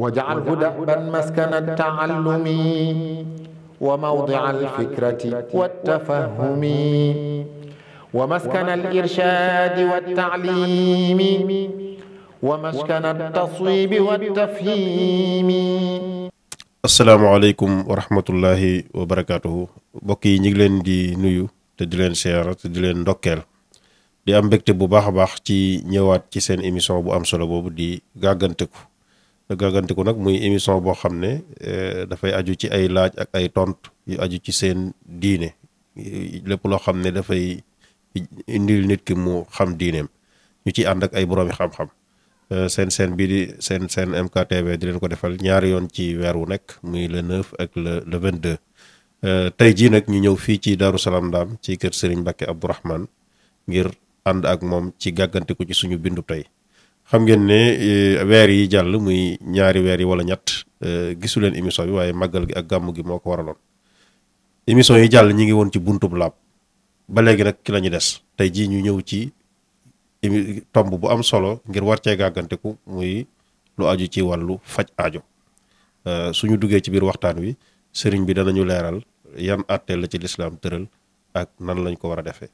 واجعله دأبا مسكن التعلم وموضع الفكرة والتفهم ومسكن الإرشاد والتعليم ومسكن التصويب والتفهيم asalaamaaleykum wa rahmatullahi wa barakaatuhu mbokk yi ñu ngi leen di nuyu te di leen seer te di leen ndokkeel di am mbégte bu baax a baax ci ñëwaat ci seen émission bu am solo boobu di gàgganteku gàggantiku nag muy émission boo xam ne eh, dafay aju ci ay laaj ak ay tont yu aju ci seen diine lépp loo xam ne dafay indil nit ki mu xam diineem ñu ci ànd ak ay boroomi xam-xam eh, seen seen bii di seen seen MKTV di leen ko defal ñaari yoon ci weer wu nekk muy le 9 ak le le 22. Eh, tey jii nag ñu ñëw fii ci Daaru Salaam Ndaam ci kër Serigne Mbacke Abdourahmane ngir ànd ak moom ci gàggantiku ci suñu bindu tey. xam ngeen ne eh, weer yi jàll muy ñaari weer yi wala ñett eh, gisu leen émission bi waaye màggal gi ak gàmm gi moo ko waraloon émission yi jàll ñi ngi woon ci buntub laab ba léegi nag ki la des tey jii ñu ñëw ci tomb bu am solo ngir war cee gàggante ku muy lu aju ci wàllu faj aajo eh, suñu duggee ci biir waxtaan wi sëriñ bi danañu leeral yan àttee la ci lislaam tëral ak nan lañ ko war a defee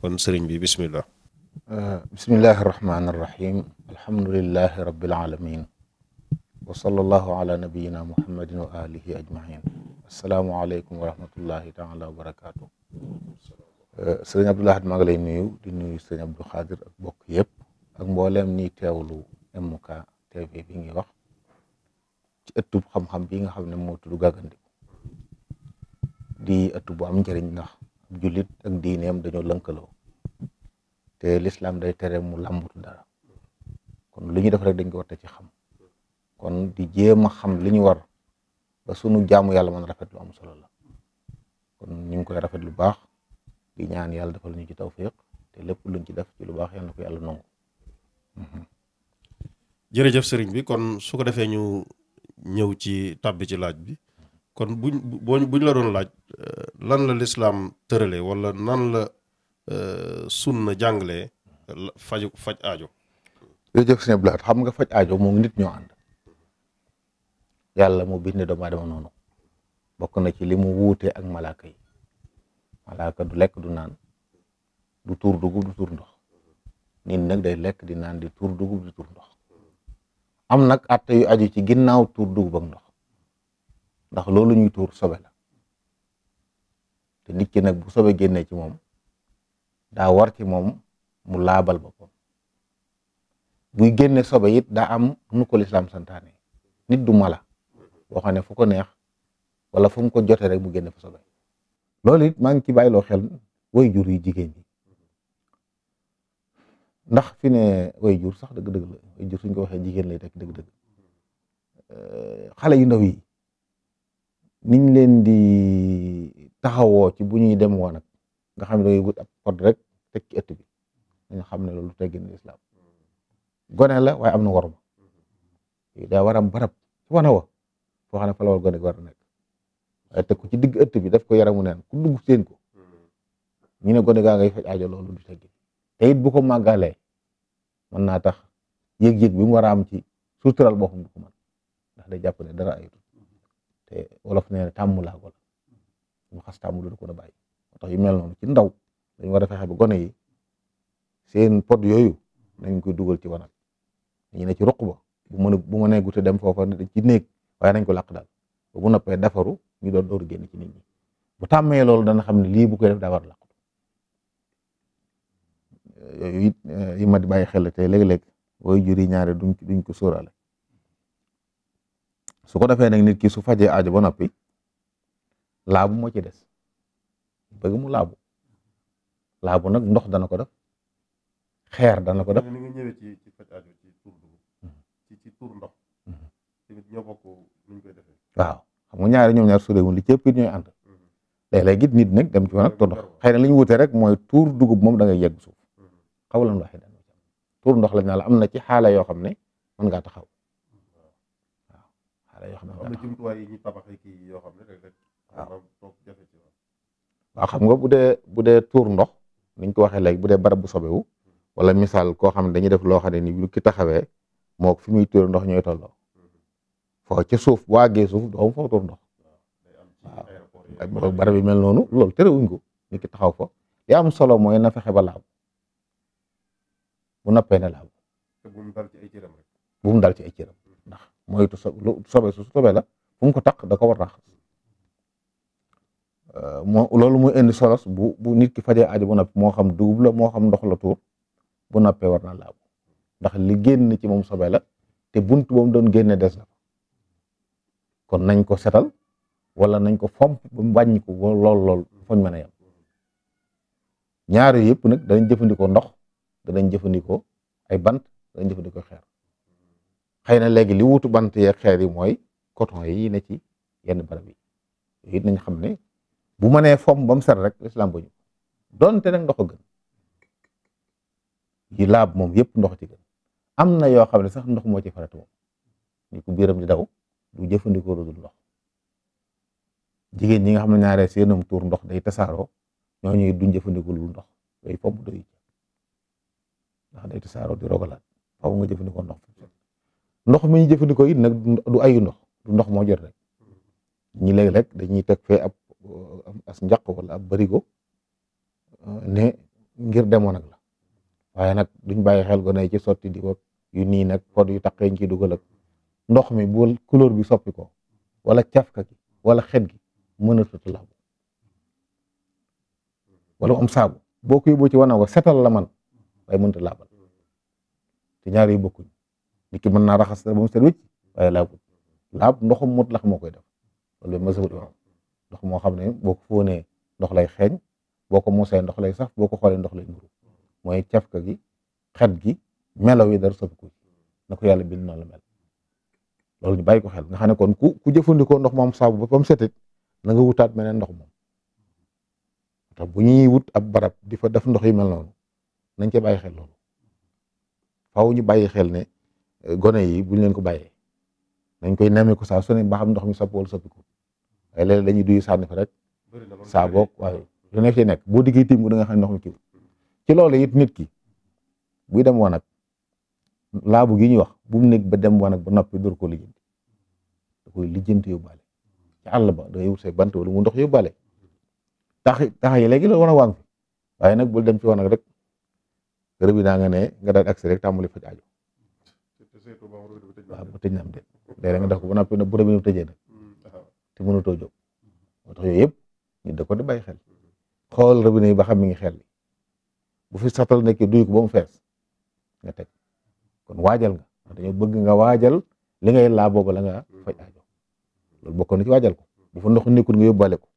kon sëriñ bi bismillah bismillahi irrahmani irrahim alhamdulilahi rabilalamin wasala allahu ala nabiyina muhammadin wa alihi ajmain asalaamualeykum wa rahmatullahi taala wa barakatuh eh, sëriñ Abdou Lahad maa ngi lay nuyu di nuyu sëriñ Abdou Khadir ak bokk yëpp ak mbooleem ñiy teewlu MK TV bi ngi wax ci ëttub xam-xam bi nga xam ne moo tudd Gàggantiku di ëttub bu am njëriñ ndax ab jullit ak diineem dañoo lënkaloo te l'islam day tere mu làmbatu dara kon lu ñu def rek dañ ko war ci xam kon di jéem a xam li ñu war ba sunu jaamu yàlla mën rafet lu am solo la kon ñu ngi koy rafet lu baax di ñaan yàlla defal ñu ci tawfiq te lépp luñ ci def ci lu baax yàlla na ko yàlla nangu. Mhm. jërëjëf sëriñ bi kon su ko defee ñu ñëw ci tàbbi ci laaj bi kon buñ buñ la doon laaj euh, lan la lislaam tërale wala nan la Euh, sunna jàngale faju faj aajo. jërëjëf sëñ Blaat xam nga faj aajo moom nit ñoo ànd yàlla mu bind doomu aadama noonu bokk na ci li mu wuutee ak malaaka yi malaaka du lekk du naan du tuur dugub du tuur ndox nit nag day lekk di naan di tuur dugub di tuur ndox am nag atte yu aju ci ginnaaw tuur dugub ak ndox ndax loolu ñuy tuur sobe la te nit nag bu soobee génnee ci moom. daa war ci moom mu laabal boppam buy génne sobe it daa am nu ko lislaam santaane nit du mala boo xam ne fu ko neex wala fu mu ko jotee rek mu génne fa sobe loolu it maa ngi ci bàyyiloo xel way jur yi jigéen ñi ndax fi ne way jur sax dëgg-dëgg la jur suñ ko waxee jigéen lay tekk dëgg-dëgg xale yu ndaw yi niñ leen di taxawoo ci bu ñuy dem woon nga xam ne dangay wut ab code rek teg ci ëtt bi dañu xam ne loolu teggin islam gone la waaye am na warma daa war am barab wana wa foo xam ne fa la war war nekk waaye teg ko ci digg ëtt bi daf ko yaramu neen ku dugg seen ko ñu ne gone gaa ngay faj aajo loolu du teggin te it bu ko màggalee mën naa tax yëg-yëg bi mu war a am ci sutural boppam du ko mën ndax day jàpp ne dara ayut te wolof nee na tàmm laa ko la mu xas ko da bàyyi tax yu mel noonu ci ndaw dañu war a fexe ba gone yi seen pod yooyu nañ koy dugal ci wanag ñu ne ci ruq ba bu mën a bu mënee gute dem foofa ci néeg waaye nañ ko làq daal ba bu noppee defaru ñu doon door génn ci nit ñi bu tàmmee loolu dana xam ne lii bu koy def daa war a làq eh, yi ma di bàyyi xel te léeg-léeg booy juri ñaare duñ duñ ko sóoraale su ko defee nag nit ki su fajee aajo ba noppi laabu moo ci des bëgg mu laabu laabu nag ndox dana ko def xeer dana ko def. ni nga ñëwee ci ci faj aajo ci tur mhm. ci ci tur ndox. Mhm. tamit ñoo bokk nuñ koy defee. waaw xam nga ñaari ñoom ñaar soriwul li cëpp it ñooy ànd. Mhm. léeg-léeg it nit nag dem ci woon ak tur ndox xëy na li ñu wute rek mooy tuur dugub moom da ngay yegg suuf xaw lan ndox yi dañ tuur ndox lañ naa la am na ci xaala yoo xam ne mën ngaa taxaw waaw xaala yoo xam ne am na jumtuwaay yi ñu tabax kii yoo xam ne rek rek waaw toog jafe ci waaw xam nga bu dee bu dee tuur ndox niñ ko waxee léegi bu dee barab bu sobewu wala misaal koo xam ne dañuy def loo xam ne ni lu ki taxawee moo fi muy tuur ndox ñooy tolloo foo ca suuf bu suuf doo fa tuur ndox waaw yi mel noonu loolu terewuñ ko ñu ki taxaw fa li am solo mooy na fexe ba laab mu nappee ne laab bu dal ci ay cëram bu dal ci ay cëram ndax moytu sobe su sobe la fu ko taq da ko Euh, moo loolu muy indi solos bu bu nit ki fajee aajo bu noppi moo xam dugub la moo xam ndox la tuur bu noppee war na laabu ndax li génn ci moom sobe te bunt ba mu doon génne des na kon nañ ko setal wala nañ ko fomp ba mu wàññi ko lool lool foñ mën a yem ñaar yooyu yëpp nag danañ jëfandikoo ndox danañ jëfandikoo ay bant danañ jëfandikoo xeer xëy na léegi li wutu bant yeeg xeer yi mooy coton yi ne ci yenn barab yi nañ xam ne. bu ma nee fomm ba mu rek lislaam ba ñu donte nag ndox a gën yi laab moom yëpp ndox ci gën am na yoo xam ne sax ndox moo ci farata moom ni ko biiram di daw du jëfandikoo ndox jigéen ñi nga xam ne ñaaree seenam tuur ndox day tasaaroo ñooñu duñ jëfandikoo ndox day fomm doy ndax day tasaaroo di jëfandikoo ndox ndox mi ñu jëfandikoo it nag du ayu ndox du ndox moo jot rek ñi léeg-léeg dañuy teg fee as njaq wala ab barigo euh, ne ngir demoon ak la waaye nag duñ bàyyi xel gone yi ci sotti di ko yu nii nag pod yu taqee ñu ci dugal ak ndox mi bu couleur bi soppi ko wala cafka gi wala xet gi mën a tutu wala am saabu boo ko yóbboo ci wanaago setal la man waaye mënut a laabal te ñaar yu bokkuñ nit ki mën naa raxas ba mu set wécc waaye laabut laab ndoxum mutlax moo koy def ndox moo xam ne boo ko fóonee ndox lay xeeñ boo ko muusee ndox lay sax boo ko xoolee ndox lay muru mooy cafka gi xet gi melaw yi dara soppiku na ko yàlla bind noonu la mel loolu ñu bàyyi ko xel nga xam kon ku ku jëfandikoo ndox moom saabu ba ba setit na nga wutaat meneen ndox moom tax bu ñuy wut a barab di fa def ndox yi mel noonu nañ ca bàyyi xel loolu faaw ñu bàyyi xel ne gone yi buñ leen ko baye nañ koy nemmeeku saa su ne ba xam ndox mi soppi wala soppiku ay léeg dañuy duy sànni fa rek saa boog waaye lu nekk ci nekk boo diggee tiim ko da a xam ne ndox mi kii ci loolu it nit ki buy dem wanag laabu gi ñuy wax bu mu ba dem wanag ba noppi dur ko lijjanti da koy lijjanti yóbbaale ci àll ba da ngay wut say bant wala mu ndox yóbbaale tax tax yi léegi loolu war a wàññi waaye nag bul dem ci wanag rek rëb yi daa nga ne nga daal accès rek tàmbali fa jaaju waaw bu tëj na am de léeg-léeg nga def ko ba noppi bu rëb yi tëjee nag te mënatoo jóg moo tax yooyu yëpp ñu da ko di bàyyi xel xool robinet yi ba xam mi ngi xel bu fi satal nekkee duy ko bo mu fees nga teg kon waajal nga dañoo bëgg nga waajal li ngay laa booba la nga faj aajo loolu bokkoon na waajal ko bu fa ndox nekkul nga yóbbaale ko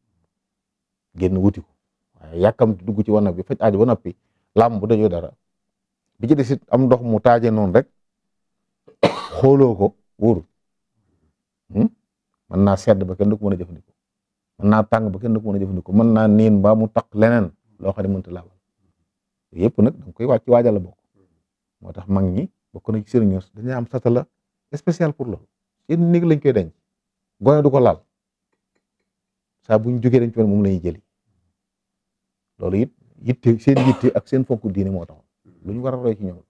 génn wuti ko waaye yàkkamti dugg ci wanag bi faj aajo ba noppi laam bu dajoo dara bi ci des am ndox mu taaje noonu rek xooloo ko wóorul hmm? mën naa sedd ba kenn du ko mën a jëfandikoo mën naa tàng ba kenn du ko mën mën naa niin ba mu taq leneen loo xam ne mënut a laabal yëpp nag da nga koy wàcc waajal la bokk moo tax mag ñi bokk na ci seen ñoos dañuy am satala spécial pour loolu seen néeg lañ koy denc gone du ko laal saa bu ñu jógee dañ ci moom la ñuy loolu it yitte seen yitte ak seen fonk diine moo taxoon lu ñu war a roy ci ñoom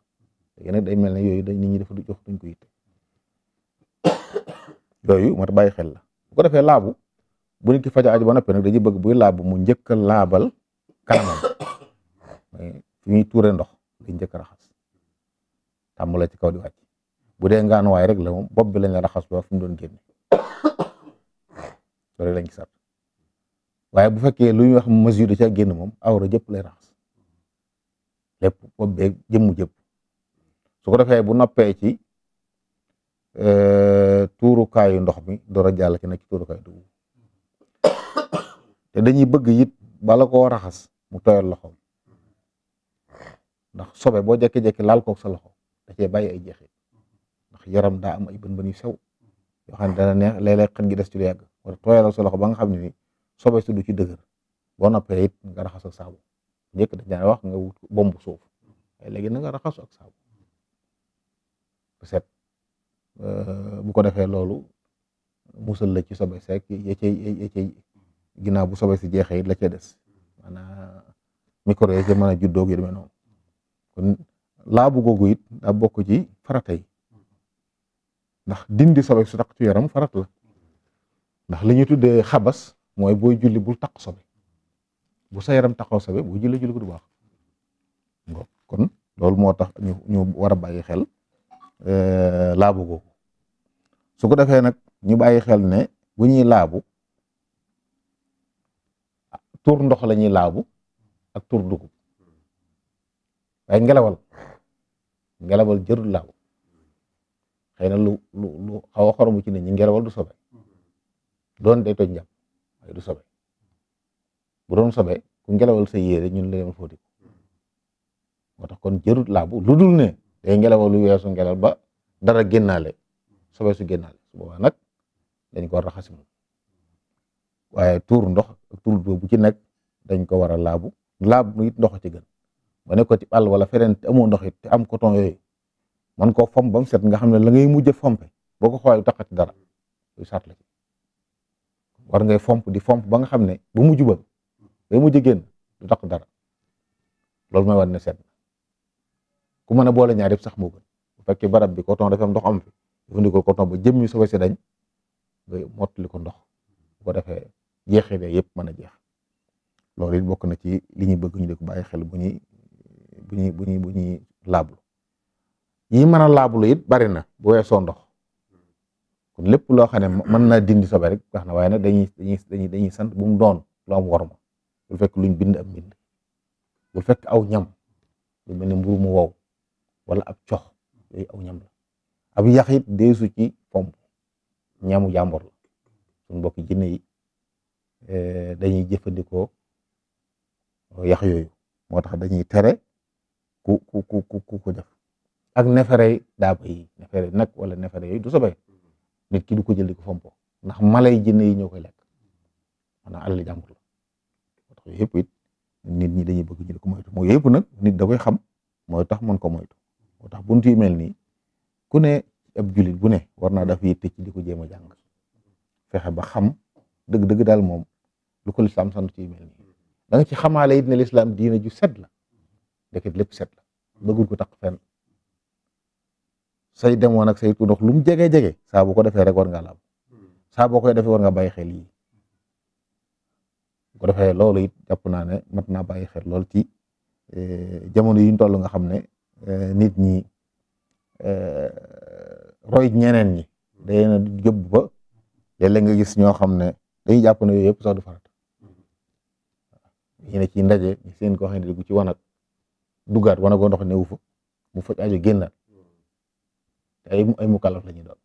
léegi nag day mel ne yooyu dañ nit ñi dafa du jox duñ ko yitte yooyu moo tax bàyyi xel la bu ko defee laabu bu nit ki faja aju ba noppi nag dañuy bëgg buy laabu mu njëkk a laabal kanamam fi ñuy tuure ndox di njëkk a raxas tàmbale ci kaw di wàcc bu dee ngaanuwaay rek la moom bopp bi lañ la raxas ba fi mu doon génne loolu lañ gisat waaye bu fekkee lu ñuy wax mesure da ca génn moom awra jëpp lay raxas lépp bopp beeg jëmmu jëpp su ko defee bu noppee ci Euh, tuurukaayu ndox mi door a jàll ki nekk ci tuurukaayu dugub te dañuy bëgg yit bala ko raxas mu tooyal loxoom ndax sobe boo jékki jekki laal koog sa loxo da cee ay jeexit ndax yaram daa am ay bën bën yu sew yoo xam ne dana neex gi des ci lu yàgg wala tooyalal sa loxo ba nga xam ne ni sobe su du ci dëgër boo noppee it nga raxas ak saabu njëkk dañ daan wax nga wut bomb suuf léegi na nga raxasu ak saabu set Euh, bu ko defee loolu musal la ci sobe seek ya cay ya cay bu sobe si jeexee it la cay des maanaam micro yi ca mën a juddoo ak kon laabu googu it daa bokk ci farata ndax dindi sobe su taq ci yaram farat la ndax li ñuy tuddee xabas mooy booy julli bul taq sobe bu sa yaram taqoo sobe boo julli julli ko du baax kon loolu moo tax ñu ñu war a bàyyi xel euh, laabu googu su ko defee nag ñu bàyyi xel ne bu ñuy laabu tur ndox la ñuy laabu ak tur dugub waaye ngelawal ngelawal jërul laabu xëy na lu lu lu xaw a mu ci nit ñi ngelawal du sobe doon day toj njàpp waaye du sobe bu doon sobe ku ngelawal sa yére ñun la dem fóoti moo tax kon jërut laabu lu dul ne day ngelawal lu weesu ngelaw ba dara génnaale sobe su génnaal su boobaa dañ ko war a raxas moom waaye tuur ndox ak tuur bu ci nekk dañ ko war a laabu laabu it ndox ci gën ba ne ko ci àll wala feneen te amoo ndox it te am koton yooyu man koo fomp ba mu set nga xam ne la ngay mujj fompe boo ko xoolee taxati dara lu sart war ngay fomp di fomp ba nga xam ne ba mujj ba ba mujj génn du tax dara loolu mooy war na set ku mën a boole ñaar sax moo gën bu fekkee barab bi coton dafa am ndox am fi jëfandikoo coton ba jëmmi sobe si dañ nga ndox bu defee jeexee ba yëpp mën a jeex loolu it bokk na ci li ñu bëgg ñu di ko bàyyi xel bu ñuy bu ñuy bu ñuy bu ñuy laablu yi mën a laablu it bari na bu weesoo ndox kon lépp loo xam ne mën naa dindi sobe rek wax na waaye nag dañuy dañuy dañuy sant bu mu doon lu am worma bul fekk luñ bind am bind bul fekk aw ñam lu mel ne mburu mu wow wala ab cox yooyu aw ñam la ab yax it deesu ci pomp ñamu jàmbor la suñ bokki jinne yi eh, dañuy jëfandikoo yax yooyu moo tax dañuy tere ku ku ku ku ko def ak neefere daaba yi neefere nag wala neefere yooyu du sobe nit ki du ko jël di ko fompo ndax malay jinne yi ñoo koy lekk maanaam alal jàmbur la moo tax yooyu yëpp it nit ñi dañuy bëgg ñu ko moytu mooy yëpp nag nit da koy xam mooy tax mën ko moytu moo tax buntu yu mel nii ku ne ab julit bu ne war naa daf yitte ci di ko jéem a jàng fexe ba xam dëgg-dëgg daal moom lu ko lislaam sant ci mel nii da nga ci xamaale it ne lislaam diina ju set la deket lépp set la bëggul ko tax fenn say demoon ak say tuudox lu mu jege-jege saa boo ko defee rek war nga laab saa boo koy defee war nga bàyyi xel yi ko defe loolu it jàpp naa ne mat naa bàyyi xel lool ci eh, jamono yi ñu toll nga xam ne eh, nit ñi Euh, roy ñeneen ñi day na jëbb ba yàlla nga gis ñoo xam ne dañuy jàpp ne yooyu yëpp sax du farata ñu ne ci ndaje ñu seen koo xam ne dugg ci wanag duggaat wanagoo ndox newu fa mu faj aajo génnaat ay ay mu kalaf la ñuy doon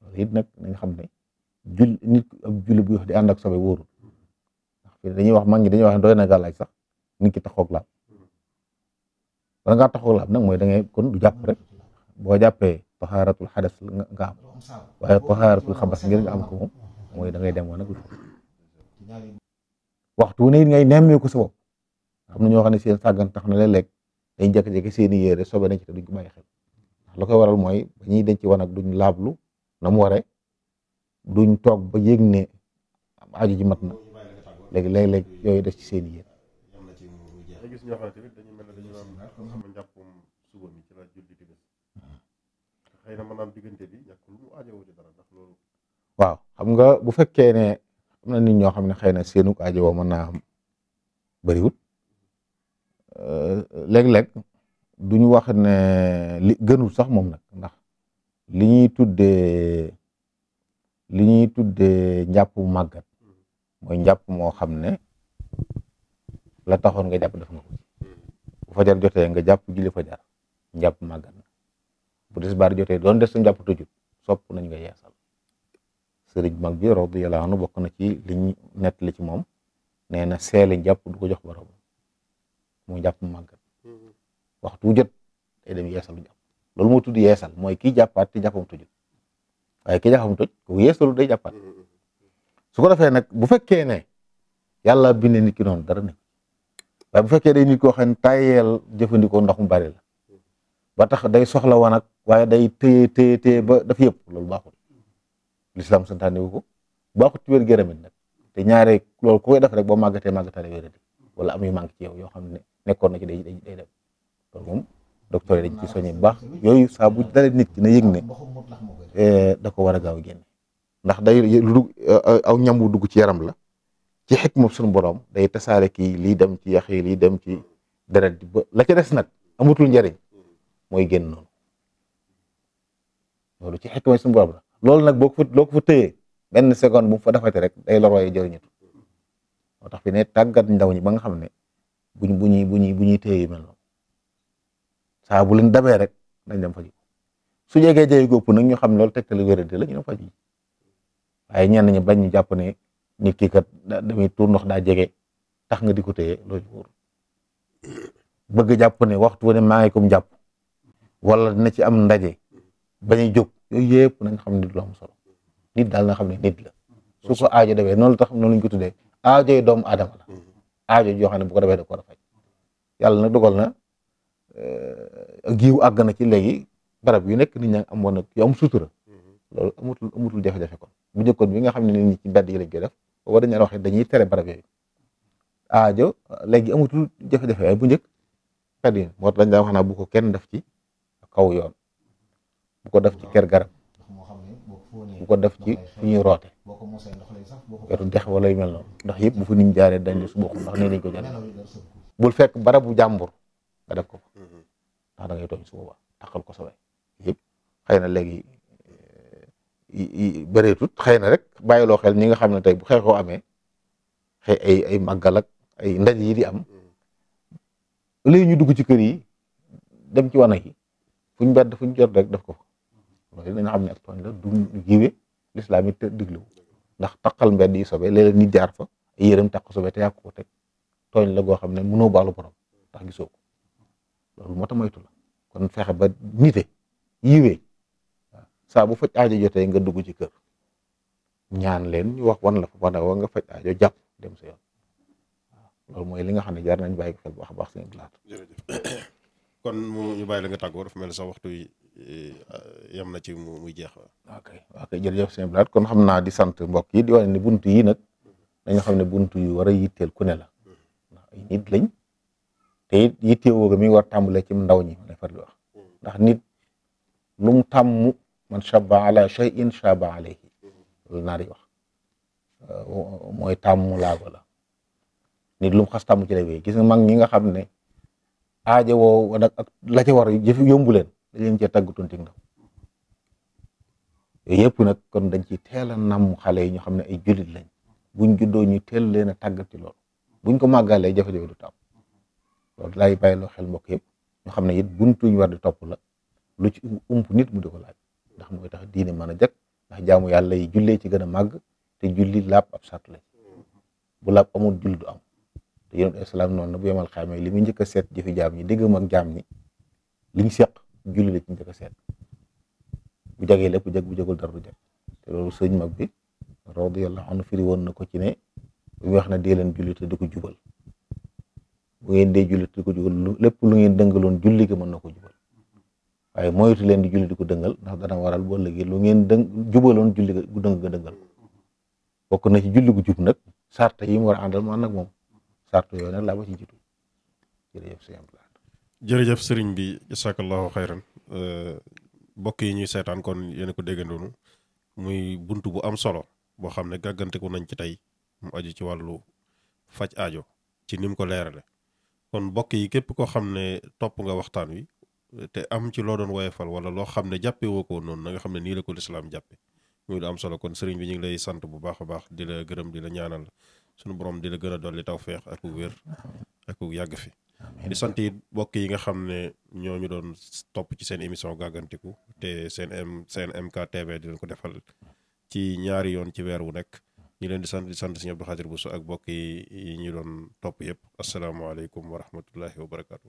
loolu it nag nañ xam ne jul nit ab julli bu di ànd ak sobe wóorul ndax dañuy wax mag ñi dañuy wax ne doy na gàllaaj sax ni ki taxoog laal wala ngaa taxaw laab nag mooy da ngay kon du jàpp rek boo jàppee taxaaratul xadas nga am waaye taxaaratul xabas ngir nga am ko moom mooy da ngay dem woon ak lu waxtu wu ne ngay nemmeeku sa bopp am na ñoo xam ne seen sàggan tax na léeg-léeg dañ jékki-jékki seen i yére sobe nañ ci te duñ ko bàyyi xel ndax lu koy waral mooy ba ñuy denc woon ak duñ laablu na mu waree duñ toog ba yëg ne aju ji mat na léegi léeg-léeg yooyu def ci seen def kon xam nga njàppum ci la julli timis xëy na maanaam diggante bi ñàkk lu mu aajowoo ci dara waaw xam nga bu fekkee ne am na nit ñoo xam ne xëy na seenu aajowoo mën naa am bëriwut euh, léeg-léeg duñu wax ne li gënul sax moom nag ndax li ñuy tuddee li ñuy tuddee njàpp màggat hmm. mooy njàpp moo xam ne la taxoon nga jàpp def fajar jotee nga jàpp julli fajar njàpp màggat na bu tisbaar jotee doon des sa njàpp tujut sopp nañ nga yeesal sëriñ mag bi radiyallahu anhu bokk na ci liñ nettali ci moom nee na seeli njàpp du ko jox borom muy jàpp màggat waxtu jot de dem yeesalu jàpp loolu mu tudd yeesal mooy kii jàppaat te jàppam tujut waaye kii a tuj ku yeesalu day jàppaat mm-hmm. su ko defee nag bu fekkee ne yàlla bindee nit ki noonu dara ne waaye bu fekkee day nit ko xam ne tayeel jëfandikoo ndox mu bari la ba tax day soxla woon ak waaye day téye téye ba dafa yëpp loolu baaxul lislaam santaane wu ko baaxul ci wér géramit nag te ñaare loolu ku koy def rek boo màggatee màggataale wéradi wala am yu manque ci yoo xam ne nekkoon na ci day day day def loolu moom docteur yi dañ ci soññe bu baax yooyu saa bu dalee nit ki na yëg ne eh, da war a gaaw a génne ndax day lu aw ñam wu dugg ci yaram la ci xikma suñu borom day tasaare kii lii dem ci yax yi lii dem ci deret ba la ca des nag amatul njariñ mooy génn noonu loolu ci xikma suñu borom la loolu nag boo ko fa loo ko fa tëyee benn seconde bu mu fa defate rek day lorooyee jëriñatu moo tax fi ne tàggat ndaw ñi ba nga xam ne buñ buñuy buñuy bu ñuy téye yu mel noonu saa bu leen dabee rek dañ dem faj su jegee jëye gópp nag ñu xam loolu tegtal wéradi la ñu dem faj waaye ñenn ñi bañ ñu jàpp ne nit ki kat damay tuur ndox daa jege tax nga di ko téye loolu wóor bëgg jàpp ne waxtu ne maa ngi ko jàpp wala dina ci am ndaje bañ a jóg yooyu yëpp nañ xam ne du solo nit daal na xam ne nit la su ko aajo demee noonu la tax noonu lañ ko tuddee aajoy doomu aadama la aajo joo xam ne bu ko defee da ko war a faj yàlla nag dogal na euh, giw àgg na ci léegi barab yu nekk nit ñaa ngi amoon nag yu am sutura mm-hmm. loolu amatul amatul jafe-jafe kon bu njëkkoon bi nga xam ne nit ñi ci mbedd yi lañ koy def booba dañu wax dañuy tere barab yooyu aajo léegi amatul jafe-jafe waaye bu njëkk perte moo tax dañ daan wax naa bu ko kenn def ci kaw yoon bu ko def ci kër garab bu ko def ci fu ñuy roote wetu dex wala yu mel noonu ndax yëpp bu fu niñ jaaree dañ di su bokkul ndax nee nañ ko jënd bul fekk barabu jàmbur a def ko fa ndax da ngay tooñ su boobaa taxal ko sa way xëy na léegi bëreetut xëy na rek bàyyiloo xel ñi nga xam ne tey bu xeexoo amee ay ay màggal ay ndaj yi di am mm-hmm. léegi ñu dugg ci kër yi dem ci wana yi fuñ bedd fuñ jot rek def ko fa loolu dañu xam ne ak tooñ la du yiwe lislaam it dig diglu ndax taqal mbedd yi sobe léeg ni jaar fa ay yërëm taq sobe te yàqu ko teg tooñ la goo xam ne mënoo baalu borom ndax gisoo ko loolu moo tax moytu la kon fexe ba nite yiwe saa bu faj aajo jotee nga dugg ci kër ñaan leen ñu wax wan la fa wane wa nga faj ajo jàpp dem sa yoon waaw loolu mooy li nga xam ne jaar nañ bàyyi ko xel bu baax a baax seen laat jërëjëf kon mu ñu bàyyi la nga tàggoo dafa mel sax waxtu eh, yam na ci jeex waaw kay waaw kay jërëjëf seen laat kon xam naa di sant mbokk yi di wane ne buntu yi nag dañu xam ne buntu yu war a yitteel ku ne nit lañ te it yittewoo mi war tàmbalee ci ndaw ñi ma lay far wax hmm. ndax nit lu mu man shabba ala shay'in shabba alayhi lu naar yi wax euh, mooy tàmm laago la nit lu mu xas tàmm ci lay wéy gis nga mag ñi nga xam ne aaja woo nag la ca war jëf yombu leen dañ leen cee tàggatunti nga yooyu yëpp nag kon dañ ci teel a namm xale yi ñu xam ne ay jullit lañ buñ juddoo ñu teel leen a tàggat ci loolu buñ ko màggalee jafe-jafe du taw loolu laay bàyyiloo xel mbokk yëpp ñu xam ne it buntuñ war di topp la lu ci ump nit mu di ko laaj ndax mooy tax diine mën a jag ndax jaamu yàlla yi jullee ci gën a màgg te julli laab ab sart bu laab amul jul du am te yonent islaam noonu na bu yemal xaamee li mu njëkk a seet jëfi jaam ñi dégg ak jaam ñi liñ seq julli la ci seet bu jagee lépp jag bu jagul dar du jag te loolu sëñ mag bi radiyallahu anhu firi woon na ko ci ne bu wax ne dee leen julli te di ko jubal bu ngeen dee julli te di ko jubal lépp lu ngeen dëngaloon julli gi mën na ko jubal waaye moytu leen di julli di ko dëngal ndax dana waral boo léegi lu ngeen dëng jubaloon julli gu dëng nga dëngal bokk na ci julli gu jub nag sart yi mu war a àndal mu ànd ak moom sart yooyu nag laa ba ci jiitu jërëjëf sëñ bi jërëjëf sëriñ bi jasakallahu xayran mbokk yi ñuy seetaan kon yéen ko déggandoonu muy bunt bu am solo boo xam ne gàgganteku nañ ci tey mu aju ci wàllu faj aajo ci ni ko leerale kon mbokk yi képp koo xam ne topp nga waxtaan wi te am ci loo doon fal wala loo xam ne jàppee woo ko noonu na xam ne nii la ko lislaam jàppe muy lu am solo kon sëriñ bi ñu ngi lay sant bu baax baax di la gërëm di la ñaanal suñu borom di la gën a dolli tawfeex ak wér ak yàgg fi di sant mbokk yi nga xam ne ñoo ñu doon topp ci seen émission gàggantiku te seen seen MKTV di ko defal ci ñaari yoon ci weer wu nekk ñu leen di sant di sant Sëriñ Abdou Khadir Bousso ak mbokk yi ñu doon topp yëpp asalaamaaleykum wa rahmatullahi wa barakaatu.